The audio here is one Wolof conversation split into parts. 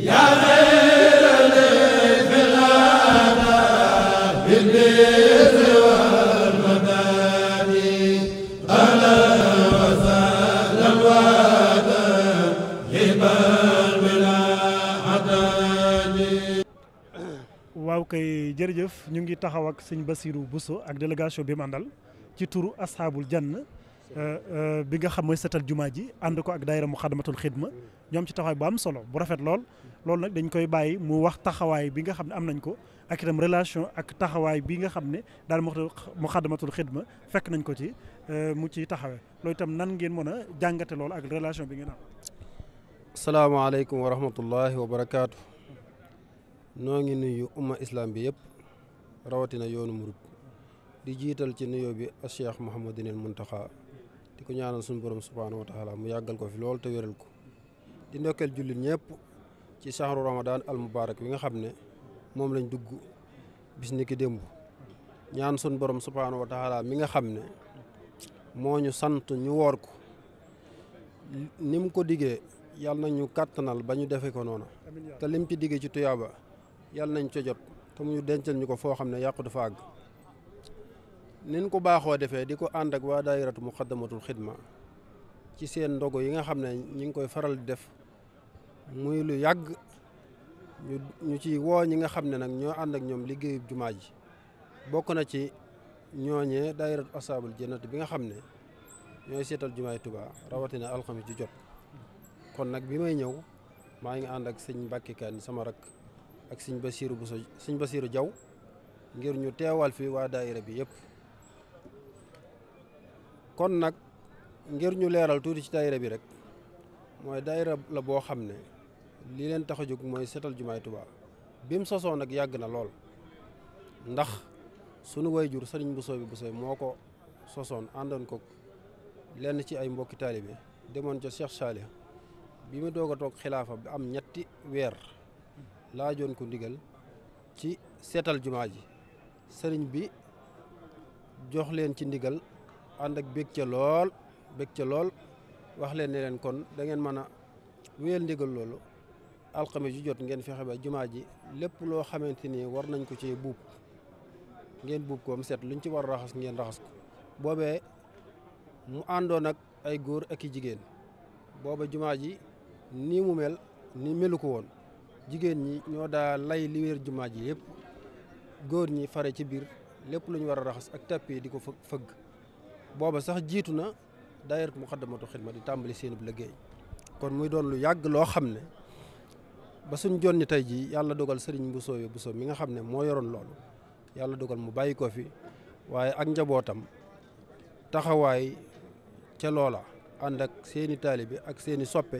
waaw kay jërëjëf ñu ngi taxaw ak sëñ Basirou Bousso ak délégation bi mu ci turu asxaabul jann Euh, euh, bi nga xam mooy setal jumaa ji ànd ko ak daayira Muxaddamatul Xidma ñoom ci taxawaay bu am solo bu rafet lool loolu nag dañ koy bàyyi mu wax taxawaay bi nga xam ne am nañ ko ak itam relation ak taxawaay bi nga xam ne daal Muxaddamatul Xidma fekk nañ ko ci euh, mu ciy taxawee loolu itam nan ngeen mën a jàngate lool ak relation bi ngeen am. salaamaaleykum wa rahmatullahi wa barakaatu. noo ngi nuyu umma islam bi yëpp rawatina yoonu murid di jiital ci nuyoo bi Cheikh Mouhamadinil Mountakha di ko ñaanal suñu borom subhaanahu wa taala mu yàggal ko fi loolu te wéral ko di ndokkeel jullit ñëpp ci sahru ramadan al mubarak bi nga xam ne moom lañ dugg bis ni ki borom subhaanahu wa mi nga xam ne moo ñu sant ñu woor ko ni mu ko diggee yàlla ñu kàttanal ba ñu defee ko noonu te lim ci diggee ci tuyaaba yàlla nañ co jot te mu ñu dencal ñu ko foo xam ne yàqu dafa àgg nin ko baaxoo defee di ko ànd ak waa daayiratu muqaddamatul xidma ci seen ndogo yi nga xam ne ñu ngi koy faral di def muy lu yàgg ñu ñu ciy woo ñi nga xam ne nag ñoo ànd ak ñoom liggéeyub jumaa ji bokk na ci ñooñee daayiratu asaabul jannat bi nga xam ne ñooy seetal jumaay tubaa rawatina alxamis ju jot kon nag bi may ñëw maa ngi ànd ak sëñ Mbàkke Kan sama rak ak sëñ Basiiru Buso sëñ Basiiru Jaw ngir ñu teewal fi waa daayira bi yëpp kon nag ngir ñu leeral tuuti ci daayira bi rek mooy dayre la boo xam ne li leen tax a jóg mooy seetal jumaay Tuubaa bi mu sosoo nag yàgg na lool ndax sunu way wayjur sëriñ Bousso bi Bousso moo ko sosoon àndoon ko lenn ci ay mbokki taalibe demoon ca Cheikh Salih bi mu doog a toog xilaafa bi am ñetti weer laajoon ko ndigal ci seetal jumaa ji sëriñ bi jox leen ci ndigal ànd ak bég ca lool bég ca lool wax leen ne leen kon da ngeen mën a wéyal ndigal loolu alxames ju jot ngeen fexe ba jumaa ji lépp loo xamante ni war nañ ko ci buub ngeen buub ko mu set luñ ci war a raxas ngeen raxas ko boobee mu àndoon ak ay góor ak i jigéen booba jumaa ji nii mu mel ni melu ko woon jigéen ñi ñoo daa lay li wér jumaa ji yëpp góor ñi fare ci biir lépp lu ñu war a raxas ak tàpp di ko fëgg booba sax jiitu na daayira Muxaddamatul Xidma di tàmbali seen bu liggéey kon muy doon lu yàgg loo xam ne ba suñ jonni tey jii yàlla dogal sëriñ Bousso bi Bousso mi nga xam ne moo yoroon loolu yàlla dogal mu bàyyi ko fi waaye ak njabootam taxawaay ca loola ànd ak seeni taalibe ak seeni soppe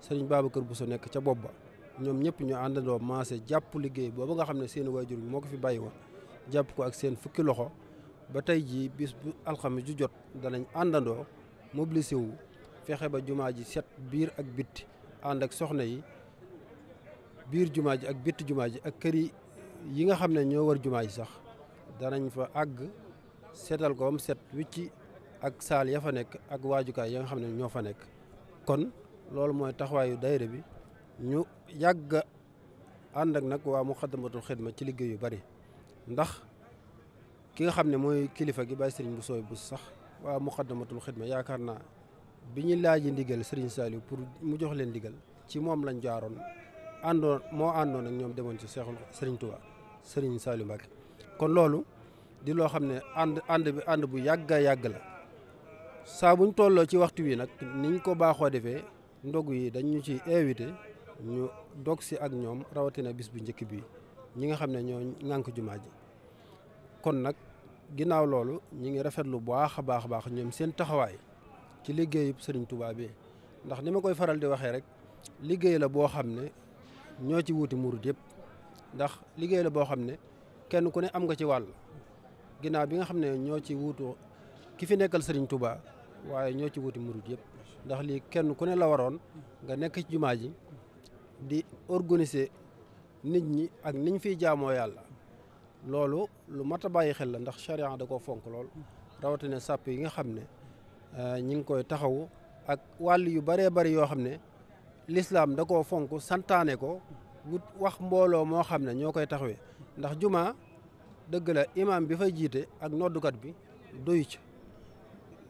sëriñ Babacar Bousso nekk ca bopp ba ñoom ñëpp ñu àndandoo maase jàpp liggéey boobu nga xam ne seeni waajur moo ko fi bàyyi jàpp ko ak seen fukki loxo ba tey jii bis bu alxamis ju jot danañ àndandoo mobilisé wu fexe ba jumaa ji set biir ak bitti ànd ak soxna yi biir jumaa ji ak bitti jumaa ji ak kër yi nga xam ne ñoo war jumaa ji sax danañ fa àgg seetal koom set wicci ak saal ya fa nekk ak waajukaay ya nga xam ne ñoo fa nekk kon loolu mooy taxawaayu daayira bi ñu yàgg ànd ak nag waa Muxaddamatul Xidma ci liggéey yu bari ndax ki nga xam ne mooy kilifa gi bàyyi sëriñ bu sooy bu sax waa muqaddamatul xidma yaakaar naa bi ñu laaji ndigal sëriñ saali pour mu jox leen ndigal ci moom lañ jaaroon àndoon moo àndoon ak ñoom demoon ci seexul sëriñ Touba sëriñ Saliou Mbacke kon loolu di loo xam ne ànd ànd bi ànd bu yàgg a yàgg la saa buñ tolloo ci waxtu wi nag niñ ko baaxoo defee ndog yi dañu ci invité ñu dog si ak ñoom rawatina bis bu njëkk bi ñi nga xam ne ñoo ŋànk jumaa ji kon nag ginnaaw loolu ñi ngi rafet lu baax a baax a baax ñoom seen taxawaay ci liggéeyub Serigne Touba bi ndax ni ma koy faral di waxee rek liggéey la boo xam ne ñoo ci wuti murid yëpp ndax liggéey boo xam ne kenn ku ne am nga ci wàll ginnaaw bi nga xam ne ñoo ci wutu ki fi nekkal Serigne Touba waaye ñoo ci wuti murid yëpp ndax lii kenn ku ne la waroon nga nekk ci jumaa ji di organiser nit ñi ak niñ fiy jaamoo yàlla loolu lu mat a bàyyi xel la ndax charia da koo fonk lool rawatina sàpp yi nga xam ne euh, ñi ngi koy taxaw ak wàll yu bëree bëri yoo xam ne lislaam da koo fonk santaane ko wut wax mbooloo moo xam ne ñoo koy taxawee ndax jumaa dëgg la imaam bi fay jiite ak noddukat bi doyu ci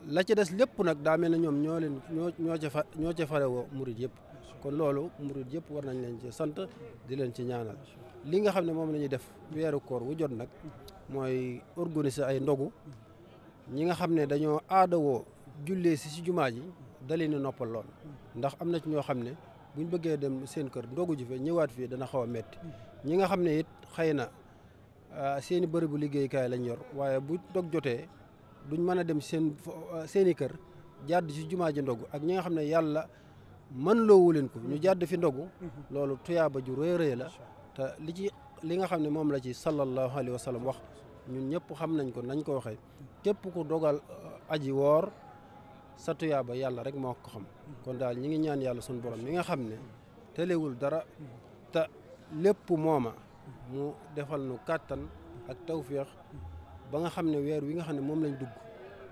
la ci des lépp nag daa mel ne ñoom ñoo leen ñoo ñoo ca fa ñoo ca farewoo yëpp kon loolu murid yëpp war nañ leen ci sant di leen ci ñaanal li nga xam ne moom la def weeru koor wu jot nag mooy organiser ay ndogu ñi nga xam ne dañoo aadawoo jullee si si jumaa ji da leen noppal lool ndax am na ci ñoo xam ne buñ bëggee dem seen kër ndogu ji fa ñëwaat dana xaw a metti ñi nga xam ne it xëy na ah, seen i bërëbu liggéeykaay lañ yor waaye bu dog jotee duñ mën a dem seen ah, seen i kër jàdd si jumaa ji ndogu ak ñi nga xam ne yàlla man loowu leen ko ñu mm-hmm. jàdd fi ndogu mm-hmm. loolu tuyaaba ju rëy rëy la te li ci li nga xam ne moom la ci sallallahu alayhi wa sallam wax ñun ñëpp xam nañ ko nañ ko waxee mm-hmm. képp ku dogal uh, aji woor sa tuyaaba yàlla rek moo ko xam kon daal ñi ngi ñaan yàlla suñu borom mi nga xam ne telewul dara te lépp mooma mu defal nu kàttan ak tawféex ba nga xam ne weer wi nga xam ne moom lañ dugg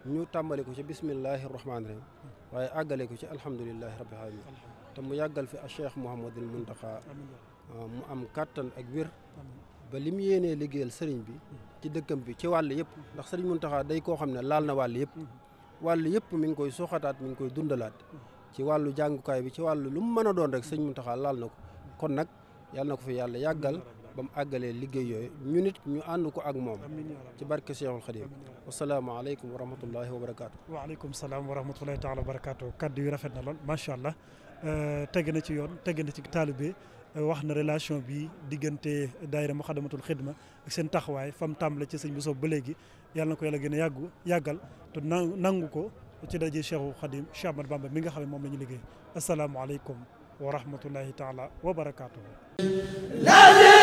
ñu tàmbali ko ci bismillahi rahmaani rahim waaye àggale ko ci alhamdulilahi rabbil alamin te mu yàggal fi a cheikh mun muntaxa mu am kàttan ak wir ba li mu yéenee liggéeyal sëriñ bi ci dëkkam bi ci wàll yëpp ndax sëriñ muntaxa day koo xam ne laal na wàll yëpp wàll yëpp mi ngi koy suuxataat mi ngi koy dundalaat ci wàllu jàngukaay bi ci wàll lu mu mën a doon rek sëriñ muntaxa laal na ko kon nag yàlla ko fi yàlla yàggal ba mu àggalee liggéey yooyu ñu nit ñu ànd ko ak moom ci barke Cheikhul Khadim wasalaamaaleykum wa rahmatullahi wa barakaatu waaleykum salaam wa rahmatullahi taala wa barakaatu kaddu yu rafet na lool macha allah euh, teg na ci yoon teg na ci taalibe euh, wax na relation bi diggante daayira Muxaddamatul Xidma ak seen taxawaay fam tàmbale ci sëñ bu soob ba léegi yàlla na ko yàlla gën a yàggu yàggal te nangu ko ci daje Cheikhul Khadim Cheikh Ahmad Bamba mi nga xam ne moom la ñu liggéey asalaamaaleykum wa rahmatullahi taala wa